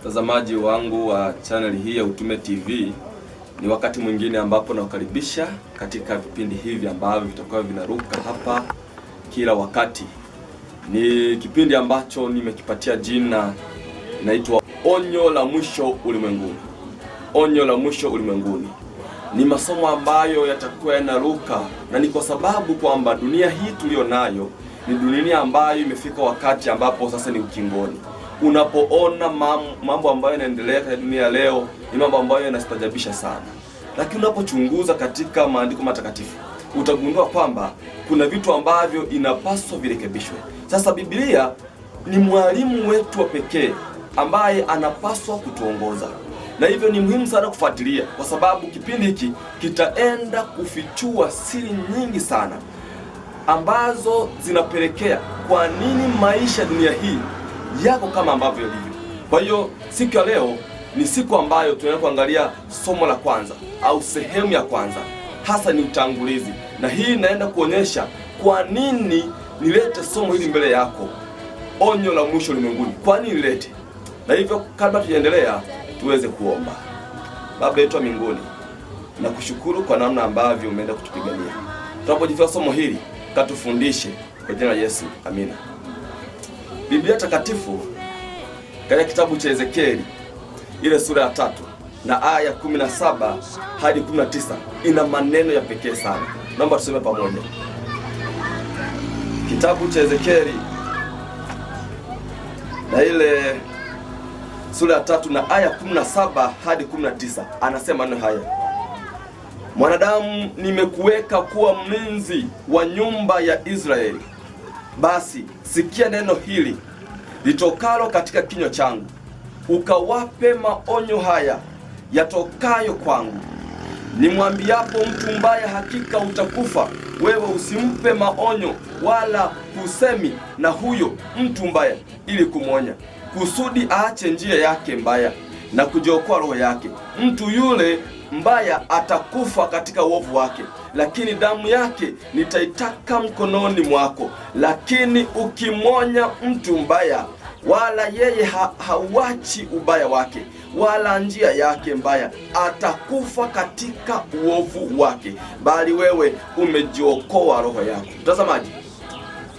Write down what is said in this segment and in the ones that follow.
Mtazamaji wangu wa channel hii ya Utume TV, ni wakati mwingine ambapo nakukaribisha katika vipindi hivi ambavyo vitakuwa vinaruka hapa kila wakati. Ni kipindi ambacho nimekipatia jina inaitwa Onyo la Mwisho Ulimwenguni. Onyo la Mwisho Ulimwenguni ni masomo ambayo yatakuwa yanaruka, na ni kwa sababu kwamba dunia hii tuliyo nayo ni dunia ambayo imefika wakati ambapo sasa ni ukingoni. Unapoona mambo ambayo yanaendelea katika dunia leo ni mambo ambayo yanastajabisha sana, lakini unapochunguza katika maandiko matakatifu utagundua kwamba kuna vitu ambavyo inapaswa virekebishwe. Sasa Biblia ni mwalimu wetu wa pekee ambaye anapaswa kutuongoza na hivyo ni muhimu sana kufuatilia, kwa sababu kipindi hiki kitaenda kufichua siri nyingi sana ambazo zinapelekea kwa nini maisha dunia hii yako kama ambavyo yalivyo. Kwa hiyo siku ya leo ni siku ambayo tunaenda kuangalia somo la kwanza au sehemu ya kwanza, hasa ni utangulizi, na hii inaenda kuonyesha kwa nini nilete somo hili mbele yako, onyo la mwisho ulimwenguni, kwa nini nilete. Na hivyo kabla tujaendelea tuweze kuomba. Baba yetu wa mbinguni, nakushukuru kwa namna ambavyo umeenda kutupigania. Tunapojifunza somo hili, katufundishe kwa jina la Yesu, amina. Biblia Takatifu katika kitabu cha Ezekieli ile sura ya tatu na aya ya 17 hadi 19 ina maneno ya pekee sana. Naomba tusome pamoja. Kitabu cha Ezekieli na ile sura ya tatu na aya 17 hadi 19, anasema neno haya: mwanadamu, nimekuweka kuwa mlinzi wa nyumba ya Israeli, basi sikia neno hili litokalo katika kinywa changu, ukawape maonyo haya yatokayo kwangu. Nimwambiapo mtu mbaya, hakika utakufa, wewe usimpe maonyo, wala kusemi na huyo mtu mbaya ili kumwonya kusudi aache njia yake mbaya na kujiokoa roho yake. Mtu yule mbaya atakufa katika uovu wake, lakini damu yake nitaitaka mkononi mwako. Lakini ukimwonya mtu mbaya, wala yeye ha hauachi ubaya wake wala njia yake mbaya, atakufa katika uovu wake, bali wewe umejiokoa roho yako. Mtazamaji,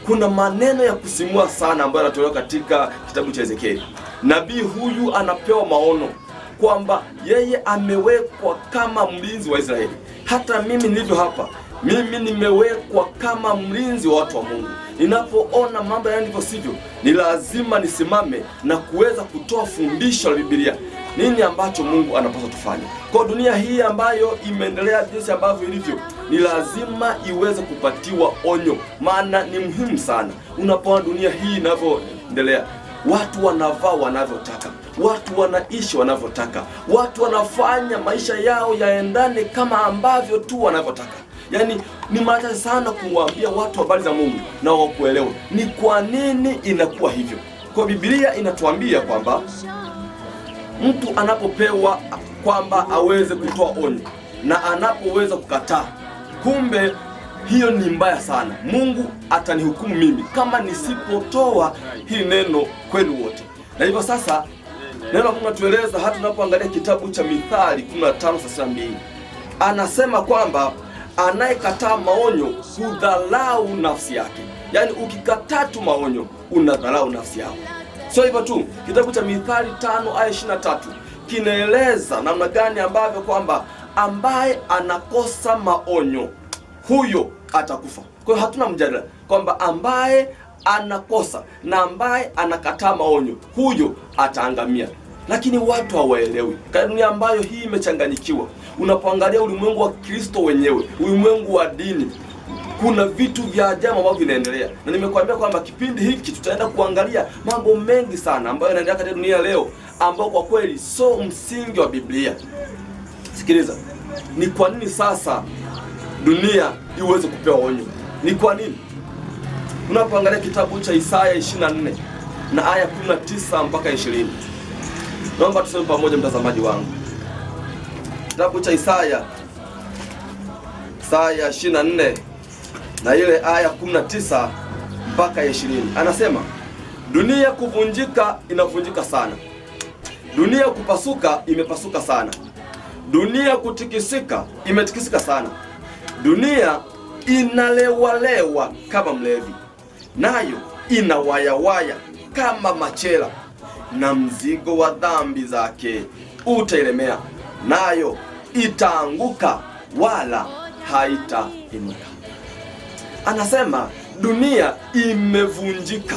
kuna maneno ya kusimua sana ambayo yanatolewa katika kitabu cha Ezekieli. Nabii huyu anapewa maono kwamba yeye amewekwa kama mlinzi wa Israeli. Hata mimi nilivyo hapa, mimi nimewekwa kama mlinzi wa watu wa Mungu. Ninapoona mambo yalivyo sivyo, ni lazima nisimame na kuweza kutoa fundisho la Biblia, nini ambacho Mungu anapaswa tufanye kwa dunia hii ambayo imeendelea jinsi ambavyo ilivyo ni lazima iweze kupatiwa onyo, maana ni muhimu sana. Unapoona dunia hii inavyoendelea, watu wanavaa wanavyotaka, watu wanaishi wanavyotaka, watu wanafanya maisha yao yaendane kama ambavyo tu wanavyotaka. Yaani ni mara sana kuwaambia watu habari za Mungu na wakuelewa ni kwa nini inakuwa hivyo. Kwa Biblia inatuambia kwamba mtu anapopewa kwamba aweze kutoa onyo na anapoweza kukataa Kumbe hiyo ni mbaya sana. Mungu atanihukumu mimi kama nisipotoa hii neno kwenu wote. Na hivyo sasa neno la Mungu natueleza hata tunapoangalia kitabu cha Mithali 15:32 anasema kwamba anayekataa maonyo hudharau nafsi yake. Yaani ukikataa tu maonyo unadharau nafsi yako. Sio hivyo tu, kitabu cha Mithali 5:23 kinaeleza namna gani ambavyo kwamba ambaye anakosa maonyo huyo atakufa. Kwa hiyo hatuna mjadala kwamba ambaye anakosa na ambaye anakataa maonyo huyo ataangamia, lakini watu hawaelewi dunia ambayo hii imechanganyikiwa. Unapoangalia ulimwengu wa Kristo wenyewe, ulimwengu wa dini, kuna vitu vya ajabu ambavyo vinaendelea, na nimekuambia kwamba kipindi hiki tutaenda kuangalia mambo mengi sana ambayo yanaendelea katika dunia leo, ambayo kwa kweli so msingi wa Biblia. Sikiliza, ni kwa nini sasa dunia iweze kupewa onyo? Ni kwa nini? Unapoangalia kitabu cha Isaya 24 na aya 19 mpaka 20, naomba tusome pamoja, mtazamaji wangu. Kitabu cha Isaya Isaya 24 na ile aya 19 mpaka 20, anasema dunia kuvunjika inavunjika sana, dunia kupasuka imepasuka sana dunia kutikisika, imetikisika sana. Dunia inalewalewa kama mlevi, nayo inawayawaya kama machela, na mzigo wa dhambi zake utailemea, nayo itaanguka wala haitainuka. Anasema dunia imevunjika,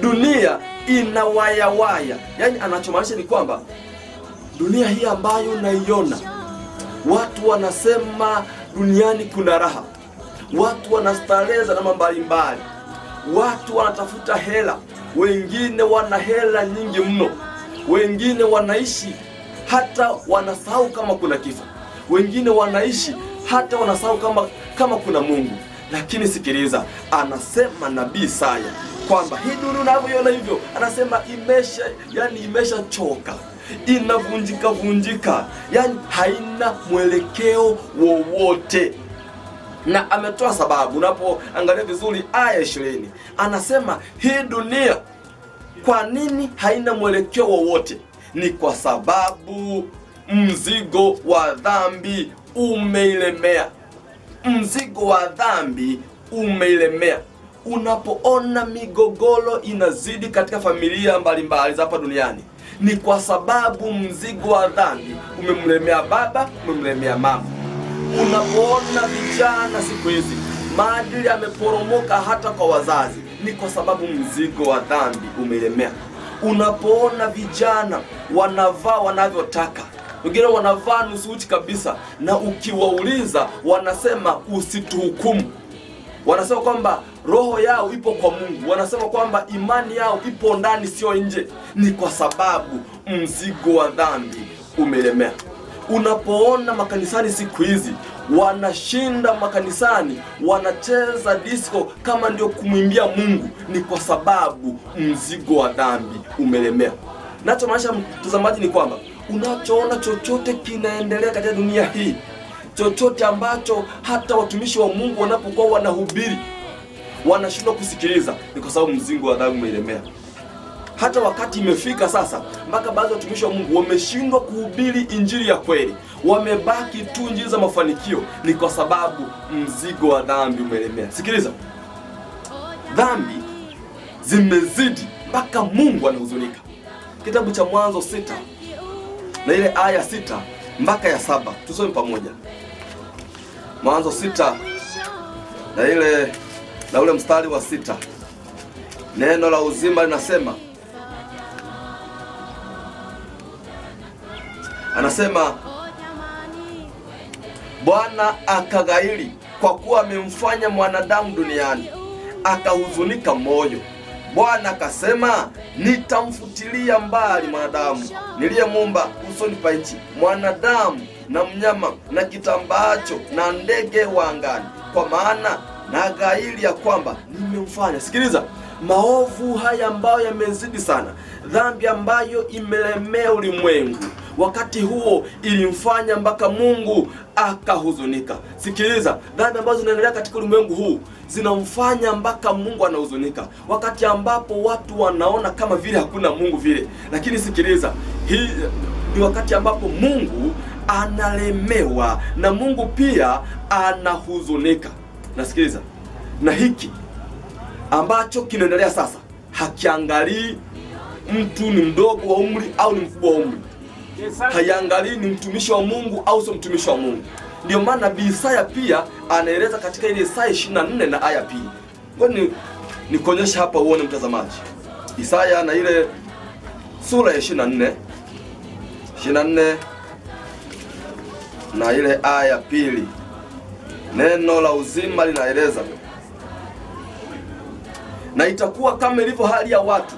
dunia inawayawaya. Yaani anachomaanisha ni kwamba dunia hii ambayo naiona watu wanasema duniani kuna raha, watu wanastareza na mbalimbali, watu wanatafuta hela, wengine wana hela nyingi mno, wengine wanaishi hata wanasahau kama kuna kifo, wengine wanaishi hata wanasahau kama, kama kuna Mungu. Lakini sikiliza, anasema nabii Isaya kwamba hii dunia unavyoiona hivyo, anasema imesha, yani imeshachoka inavunjika vunjika, yani haina mwelekeo wowote na ametoa sababu. Unapoangalia vizuri aya ishirini anasema hii dunia kwa nini haina mwelekeo wowote? Ni kwa sababu mzigo wa dhambi umeilemea, mzigo wa dhambi umeilemea. Unapoona migogoro inazidi katika familia mbalimbali za hapa duniani ni kwa sababu mzigo wa dhambi umemlemea baba, umemlemea mama. Unapoona vijana siku hizi maadili yameporomoka hata kwa wazazi, ni kwa sababu mzigo wa dhambi umelemea. Unapoona vijana wanavaa wanavyotaka wengine wanavaa nusu uchi kabisa, na ukiwauliza wanasema usituhukumu. Wanasema kwamba roho yao ipo kwa Mungu. Wanasema kwamba imani yao ipo ndani, sio nje. Ni kwa sababu mzigo wa dhambi umelemea. Unapoona makanisani siku hizi wanashinda makanisani, wanacheza disco kama ndio kumwimbia Mungu, ni kwa sababu mzigo wa dhambi umelemea. Nachomaanisha mtazamaji, ni kwamba unachoona chochote kinaendelea katika dunia hii, chochote ambacho hata watumishi wa Mungu wanapokuwa wanahubiri wanashindwa kusikiliza, ni kwa sababu mzingo wa dhambi umeelemea Hata wakati imefika sasa, mpaka baadhi ya watumishi wa Mungu wameshindwa kuhubiri injili ya kweli, wamebaki tu injili za mafanikio, ni kwa sababu mzigo wa dhambi umeelemea Sikiliza, dhambi zimezidi mpaka Mungu anahuzunika. Kitabu cha Mwanzo sita na ile aya sita mpaka ya saba tusome pamoja. Mwanzo sita na ile na ule mstari wa sita neno la uzima linasema, anasema Bwana akaghairi kwa kuwa amemfanya mwanadamu duniani, akahuzunika moyo. Bwana akasema, nitamfutilia mbali mwanadamu niliyemuumba usoni pa nchi, mwanadamu na mnyama na kitambaacho na ndege wa angani, kwa maana na ghairi ya kwamba nimemfanya. Sikiliza, maovu haya ambayo yamezidi sana, dhambi ambayo imelemea ulimwengu wakati huo ilimfanya mpaka Mungu akahuzunika. Sikiliza, dhambi ambazo zinaendelea katika ulimwengu huu zinamfanya mpaka Mungu anahuzunika, wakati ambapo watu wanaona kama vile hakuna Mungu vile. Lakini sikiliza, hii ni wakati ambapo Mungu analemewa na Mungu pia anahuzunika nasikiliza, na hiki ambacho kinaendelea sasa hakiangalii mtu ni mdogo wa umri au ni mkubwa wa umri, haiangalii ni mtumishi wa Mungu au sio mtumishi wa Mungu. Ndio maana nabii Isaya pia anaeleza katika ile Isaya 24 na aya pili. Ngoja nikuonyeshe hapa uone mtazamaji, Isaya na ile sura ya 24 24 na ile aya pili. Neno la uzima linaeleza, na itakuwa kama ilivyo hali ya watu,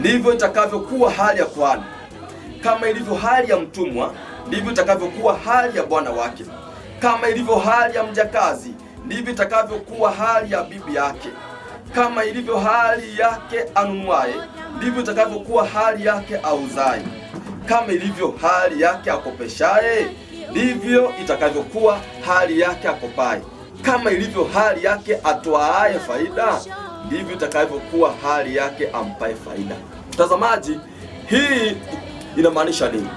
ndivyo itakavyokuwa hali ya kuhani; kama ilivyo hali ya mtumwa, ndivyo itakavyokuwa hali ya bwana wake; kama ilivyo hali ya mjakazi, ndivyo itakavyokuwa hali ya bibi yake; kama ilivyo hali yake anunuaye, ndivyo itakavyokuwa hali yake auzaye; kama ilivyo hali yake akopeshaye ndivyo itakavyokuwa hali yake akopaye. Kama ilivyo hali yake atwaaye faida, ndivyo itakavyokuwa hali yake ampaye faida. Mtazamaji, hii inamaanisha nini?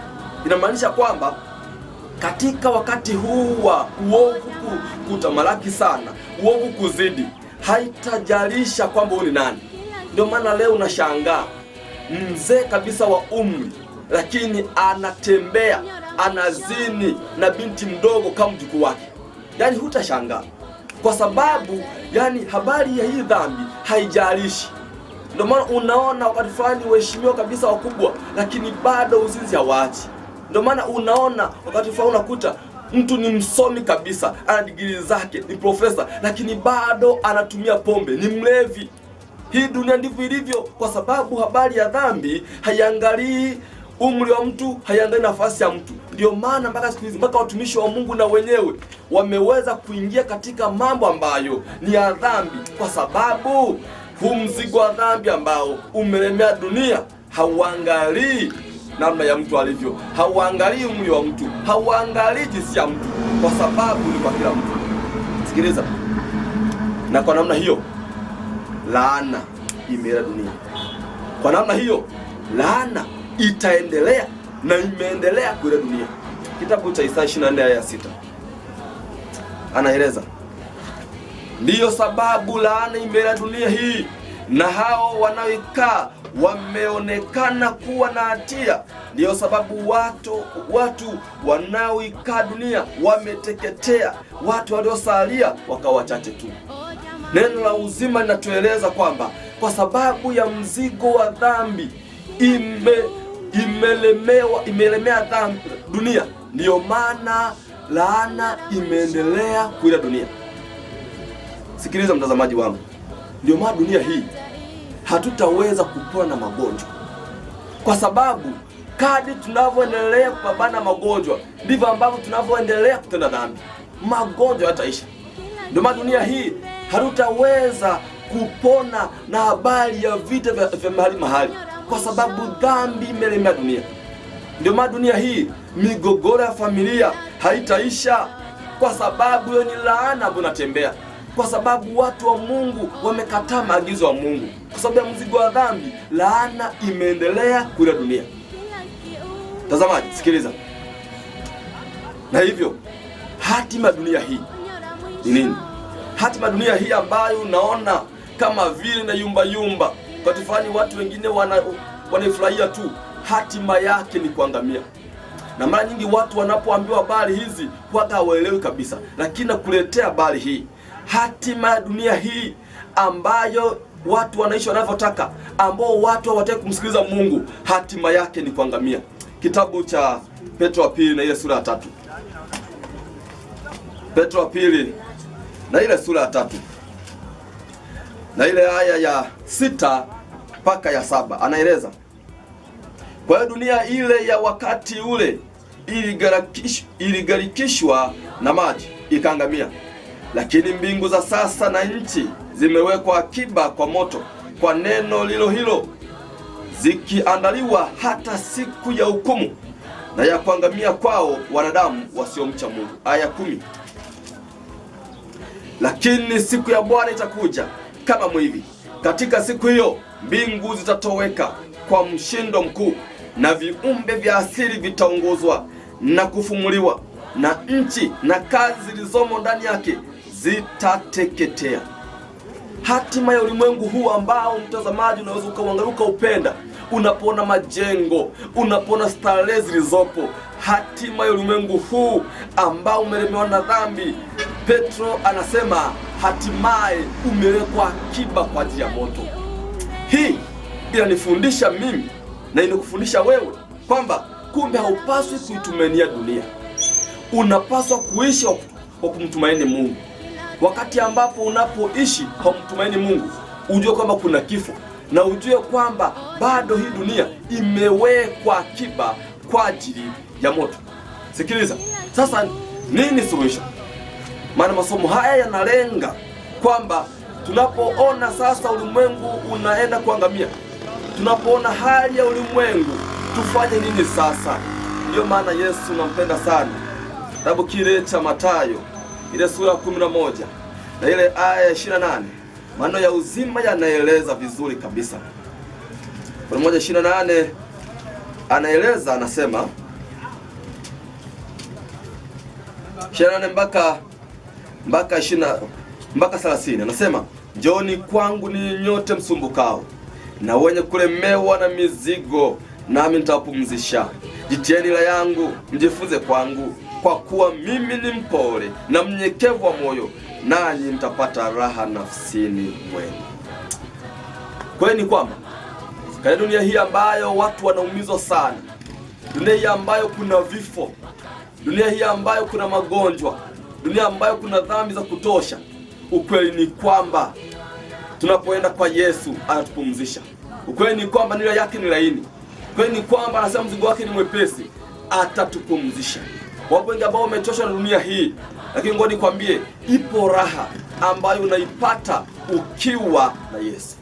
Inamaanisha kwamba katika wakati huu wa uovu kutamalaki sana, uovu kuzidi, haitajalisha kwamba huyu ni nani. Ndio maana leo unashangaa mzee kabisa wa umri, lakini anatembea anazini na binti mdogo kama mjukuu wake, yaani hutashangaa kwa sababu yani habari ya hii dhambi haijalishi. Ndio maana unaona wakati fulani waheshimiwa kabisa wakubwa, lakini bado uzinzi hawaachi. Ndio maana unaona wakati fulani unakuta mtu ni msomi kabisa, ana digiri zake, ni profesa, lakini bado anatumia pombe, ni mlevi. Hii dunia ndivyo ilivyo, kwa sababu habari ya dhambi haiangalii umri wa mtu, haiangalii nafasi ya mtu. Ndio maana mpaka siku hizi mpaka watumishi wa Mungu na wenyewe wameweza kuingia katika mambo ambayo ni ya dhambi, kwa sababu huu mzigo wa dhambi ambao umelemea dunia hauangalii namna ya mtu alivyo, hauangalii umri wa mtu, hauangalii jinsi ya mtu, kwa sababu ni kwa kila mtu. Sikiliza, na kwa namna hiyo laana imeela dunia. Kwa namna hiyo laana itaendelea na imeendelea kule dunia. Kitabu cha Isaya 24 aya 6 anaeleza ndiyo sababu laana imeela dunia hii, na hao wanaoikaa wameonekana kuwa na hatia. Ndiyo sababu watu watu wanaoikaa dunia wameteketea, watu waliosalia wakawa wachache tu. Neno la uzima linatueleza kwamba kwa sababu ya mzigo wa dhambi ime imelemewa, imelemea dhambi dunia, ndiyo maana laana imeendelea kuila dunia. Sikiliza mtazamaji wangu, ndio maana dunia hii hatutaweza kupona na magonjwa, kwa sababu kadi tunavyoendelea kupambana na magonjwa ndivyo ambavyo tunavyoendelea kutenda dhambi. Magonjwa yataisha. Ndio maana dunia hii hatutaweza kupona na habari ya vita vya mahali mahali kwa sababu dhambi imelemea dunia. Ndio maana dunia hii migogoro ya familia haitaisha, kwa sababu hiyo ni laana ambayo kwa sababu watu wa Mungu wamekataa maagizo ya wa Mungu, kwa sababu ya mzigo wa dhambi, laana imeendelea kule dunia. Tazamaji, sikiliza, na hivyo hatima dunia hii ni nini? Hatima dunia hii ambayo unaona kama vile na yumba yumba wakati fulani watu wengine wana wanaifurahia tu, hatima yake ni kuangamia. Na mara nyingi watu wanapoambiwa habari hizi waga hawaelewi kabisa, lakini nakuletea habari hii, hatima ya dunia hii ambayo watu wanaishi wanavyotaka, ambao watu hawataki kumsikiliza Mungu, hatima yake ni kuangamia. Kitabu cha Petro wa pili na ile sura ya tatu Petro wa pili na ile sura ya tatu na ile aya ya sita mpaka ya saba anaeleza. Kwa hiyo dunia ile ya wakati ule iligarikishwa na maji ikaangamia, lakini mbingu za sasa na nchi zimewekwa akiba kwa moto kwa neno lilo hilo, zikiandaliwa hata siku ya hukumu na ya kuangamia kwao wanadamu wasiomcha Mungu. Aya kumi. Lakini siku ya Bwana itakuja kama mwivi. Katika siku hiyo mbingu zitatoweka kwa mshindo mkuu, na viumbe vya asili vitaongozwa na kufumuliwa, na nchi na kazi zilizomo ndani yake zitateketea. Hatima ya ulimwengu huu ambao mtazamaji unaweza ukauangaruka upenda, unapona majengo, unapona starehe zilizopo, hatima ya ulimwengu huu ambao umelemewa na dhambi. Petro anasema hatimaye umewekwa akiba kwa ajili ya moto. Hii inanifundisha mimi na inakufundisha wewe kwamba kumbe haupaswi kuitumainia dunia, unapaswa kuishi kwa kumtumaini Mungu. Wakati ambapo unapoishi kwa kumtumaini Mungu, ujue kwamba kuna kifo na ujue kwamba bado hii dunia imewekwa akiba kwa ajili ya moto. Sikiliza sasa, nini suluhisho? Maana masomo haya yanalenga kwamba tunapoona sasa ulimwengu unaenda kuangamia, tunapoona hali ya ulimwengu tufanye nini sasa? Ndiyo maana Yesu nampenda sana. Kitabu kile cha Mathayo ile sura ya kumi na moja na ile aya ya ishirini na nane maneno ya uzima yanaeleza vizuri kabisa. Kumi moja ishirini na nane anaeleza anasema, ishirini na nane mpaka mpaka 20 mpaka 30, anasema joni kwangu ni nyote msumbukao na wenye kulemewa na mizigo, nami nitawapumzisha. Jitieni la yangu mjifunze kwangu, kwa kuwa mimi ni mpole na mnyekevu wa moyo, nanyi mtapata raha nafsini mwenu. Kweli ni kwamba katika dunia hii ambayo watu wanaumizwa sana, dunia hii ambayo kuna vifo, dunia hii ambayo kuna magonjwa dunia ambayo kuna dhambi za kutosha. Ukweli ni kwamba tunapoenda kwa Yesu anatupumzisha. Ukweli ni kwamba nira yake ni laini. Ukweli ni kwamba anasema mzigo wake ni mwepesi, atatupumzisha. Wapo wengi ambao wamechoshwa na dunia hii, lakini ngoja nikwambie, ipo raha ambayo unaipata ukiwa na Yesu.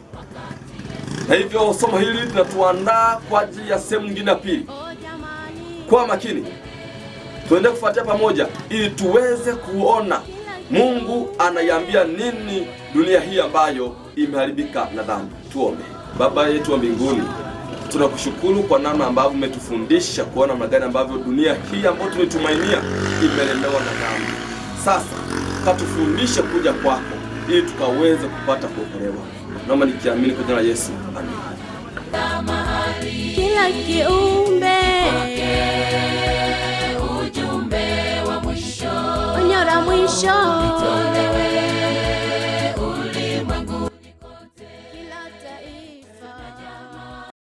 Na hivyo somo hili linatuandaa kwa ajili ya sehemu nyingine ya pili. Kwa makini tuende kufuatia pamoja, ili tuweze kuona Mungu anayambia nini dunia hii ambayo imeharibika na dhambi. Tuombe. Baba yetu wa mbinguni, tunakushukuru kwa namna ambavyo umetufundisha kuona namna gani ambavyo dunia hii ambayo tumetumainia imelemewa na dhambi. Sasa katufundishe kuja kwako ili tukaweze kupata kuokolewa. Naomba nikiamini kwa jina la Yesu, amen. Kila kiumbe show.